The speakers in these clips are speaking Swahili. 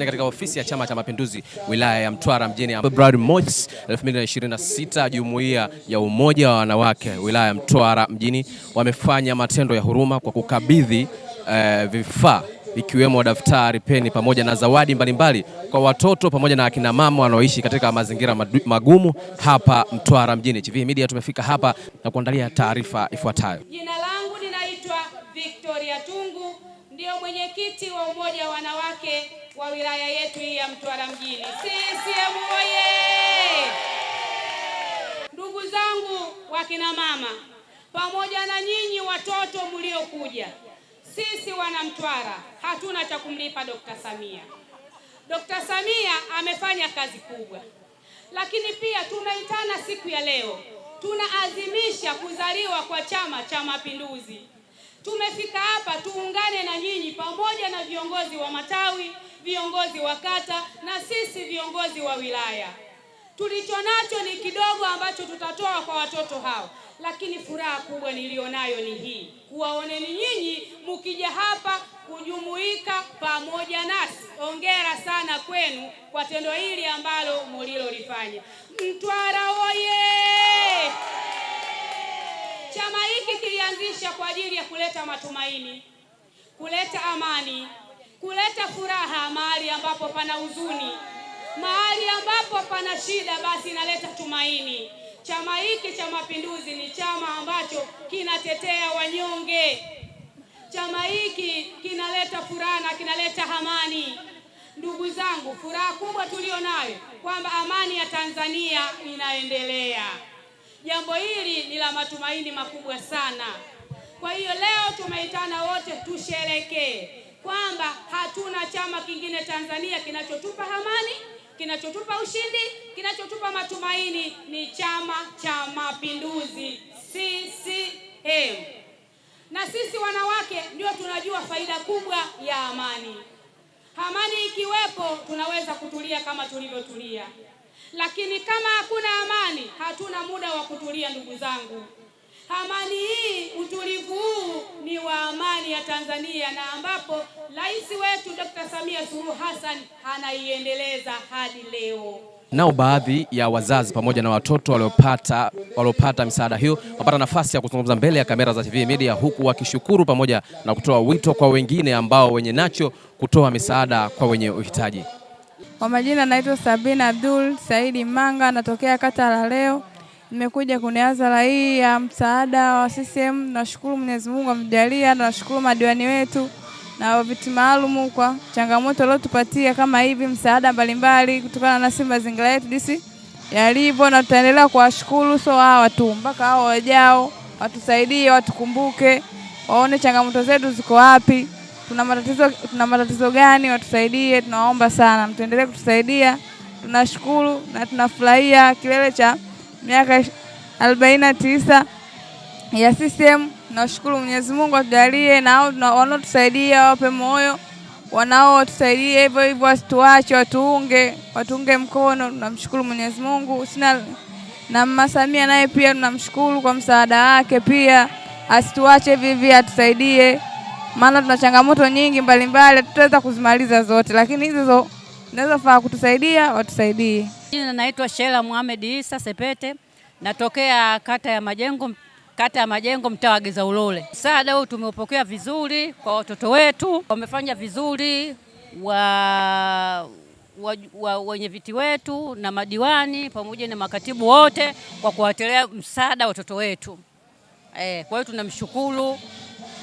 Katika ofisi ya Chama cha Mapinduzi wilaya ya Mtwara mjini Februari mosi 2026, jumuiya ya umoja wa wanawake wilaya ya Mtwara mjini wamefanya matendo ya huruma kwa kukabidhi eh, vifaa ikiwemo daftari, peni pamoja na zawadi mbalimbali mbali kwa watoto pamoja na akina mama wanaoishi katika mazingira magumu hapa Mtwara mjini. Chivihi Media tumefika hapa na kuandalia taarifa ifuatayo. Jina langu ninaitwa Victoria Tungu ndiyo mwenyekiti wa umoja wa wanawake wa wilaya yetu hii ya Mtwara mjini. CCM oye! Ndugu zangu kina mama, pamoja na nyinyi watoto mliokuja, sisi wana Mtwara hatuna cha kumlipa Dr. Samia. Dr. Samia amefanya kazi kubwa, lakini pia tunaitana siku ya leo tunaadhimisha kuzaliwa kwa Chama cha Mapinduzi. Tumefika hapa tuungane na nyinyi pamoja na viongozi wa matawi, viongozi wa kata na sisi viongozi wa wilaya. Tulicho nacho ni kidogo ambacho tutatoa kwa watoto hao, lakini furaha kubwa niliyonayo ni hii, kuwaoneni nyinyi mukija hapa kujumuika pamoja nasi. Hongera sana kwenu kwa tendo hili ambalo mulilolifanya. Mtwara oye! Chama hiki kilianzisha kwa ajili ya kuleta matumaini, kuleta amani, kuleta furaha mahali ambapo pana huzuni, mahali ambapo pana shida, basi inaleta tumaini. Chama hiki cha Mapinduzi ni chama ambacho kinatetea wanyonge. Chama hiki kinaleta furaha na kinaleta amani. Ndugu zangu, furaha kubwa tulionayo kwamba amani ya Tanzania inaendelea. Jambo hili ni la matumaini makubwa sana. Kwa hiyo leo tumeitana wote tusherekee kwamba hatuna chama kingine Tanzania kinachotupa amani, kinachotupa ushindi, kinachotupa matumaini ni Chama cha Mapinduzi, CCM. Na sisi wanawake ndio tunajua faida kubwa ya amani. Amani ikiwepo tunaweza kutulia kama tulivyotulia. Lakini kama hakuna amani, hatuna muda wa kutulia ndugu zangu. Amani hii, utulivu huu ni wa amani ya Tanzania, na ambapo rais wetu Dr. Samia Suluhu Hassan anaiendeleza hadi leo. Nao baadhi ya wazazi pamoja na watoto waliopata waliopata misaada hiyo wapata nafasi ya kuzungumza mbele ya kamera za TV Media, huku wakishukuru pamoja na kutoa wito kwa wengine ambao wenye nacho kutoa misaada kwa wenye uhitaji. Kwa majina naitwa Sabina Abdul Saidi Manga, natokea kata la leo. Nimekuja kwenye adhara hii ya msaada wa CCM. Nashukuru Mwenyezi Mungu amjalia, nashukuru madiwani wetu na viti maalumu kwa changamoto waliotupatia kama hivi msaada mbalimbali kutokana na si mazingira yetu jinsi yalivyo, na tutaendelea kuwashukuru so hawa tu mpaka hao wajao, watusaidie, watukumbuke, waone changamoto zetu ziko wapi tuna matatizo, tuna matatizo gani watusaidie, tunawaomba sana mtuendelee kutusaidia. Tunashukuru na tunafurahia kilele cha miaka arobaini na tisa ya CCM. nashukuru Mwenyezi Mungu atujalie, na wanaotusaidia wape moyo, wanaotusaidia hivyo hivyo, wasituache, watuunge, watuunge mkono. Tunamshukuru Mwenyezi Mungu sina na Mama Samia naye pia tunamshukuru kwa msaada wake, pia asituache vivi, atusaidie maana tuna changamoto nyingi mbalimbali, tutaweza kuzimaliza zote, lakini hizo zinazofaa kutusaidia watusaidie. Naitwa Shela muhamed Isa Sepete, natokea kata ya Majengo, kata ya Majengo, mtaa wa Giza Ulole. Msaada huu tumeupokea vizuri kwa watoto wetu, wamefanya vizuri wa wenye viti wetu na madiwani pamoja na makatibu wote kwa kuwatelea msaada watoto wetu. E, kwa hiyo tunamshukuru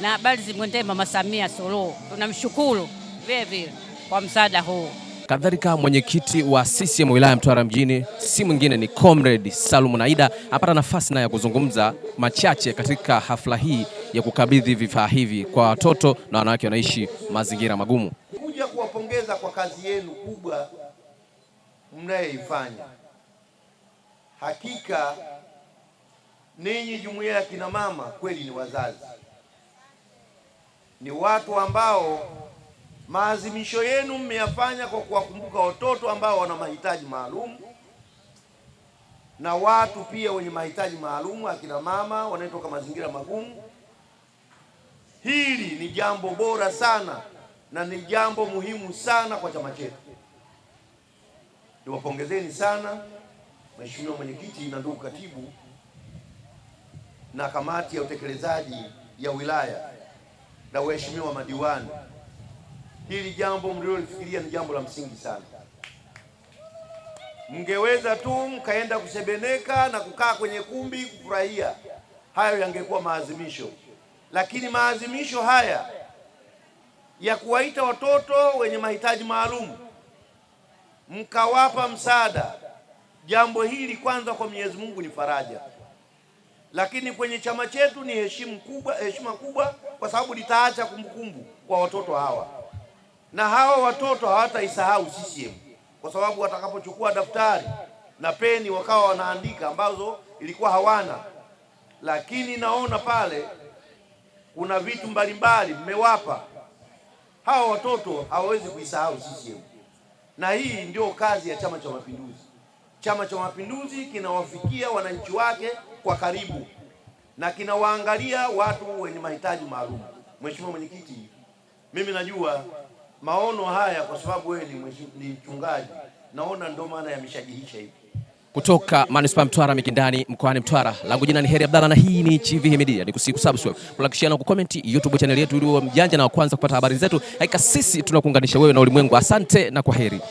na habari zimwendee Mama Samia Suluhu. Tunamshukuru vile vile kwa msaada huu. Kadhalika, mwenyekiti wa CCM wilaya Mtwara mjini si mwingine ni Comrade Salum Naida apata nafasi naye ya kuzungumza machache katika hafla hii ya kukabidhi vifaa hivi kwa watoto na wanawake wanaishi mazingira magumu. Kuja kuwapongeza kwa kazi yenu kubwa mnayoifanya. Hakika ninyi jumuiya ya kina mama kweli ni wazazi ni watu ambao maazimisho yenu mmeyafanya kwa kuwakumbuka watoto ambao wana mahitaji maalum na watu pia wenye mahitaji maalum, akina mama wanaotoka mazingira magumu. Hili ni jambo bora sana na ni jambo muhimu sana kwa chama chetu. Niwapongezeni sana Mheshimiwa Mwenyekiti na ndugu Katibu na kamati ya utekelezaji ya wilaya na waheshimiwa madiwani, hili jambo mlilolifikiria ni jambo la msingi sana. Mngeweza tu mkaenda kusebeneka na kukaa kwenye kumbi kufurahia, hayo yangekuwa maazimisho. Lakini maazimisho haya ya kuwaita watoto wenye mahitaji maalum mkawapa msaada, jambo hili kwanza kwa Mwenyezi Mungu ni faraja lakini kwenye chama chetu ni heshima kubwa, heshima kubwa kwa sababu litaacha kumbukumbu kwa watoto hawa, na hawa watoto hawataisahau CCM kwa sababu watakapochukua daftari na peni wakawa wanaandika ambazo ilikuwa hawana. Lakini naona pale kuna vitu mbalimbali mmewapa hawa watoto, hawawezi kuisahau CCM, na hii ndio kazi ya Chama cha Mapinduzi. Chama cha Mapinduzi kinawafikia wananchi wake kwa karibu na kinawaangalia watu wenye mahitaji maalum. Mheshimiwa Mwenyekiti, mimi najua maono haya kwa sababu wewe ni mchungaji, naona ndio maana yameshajihisha hivi. Kutoka manispaa Mtwara Mikindani mkoani Mtwara, langu jina ni Heri Abdalla na hii ni Chivihi Media. Nikusihi kusubscribe, kulakishia na kucomment YouTube channel yetu ili uwe mjanja na wa kwanza kupata habari zetu. Hakika sisi tunakuunganisha wewe na ulimwengu. Asante na kwa heri.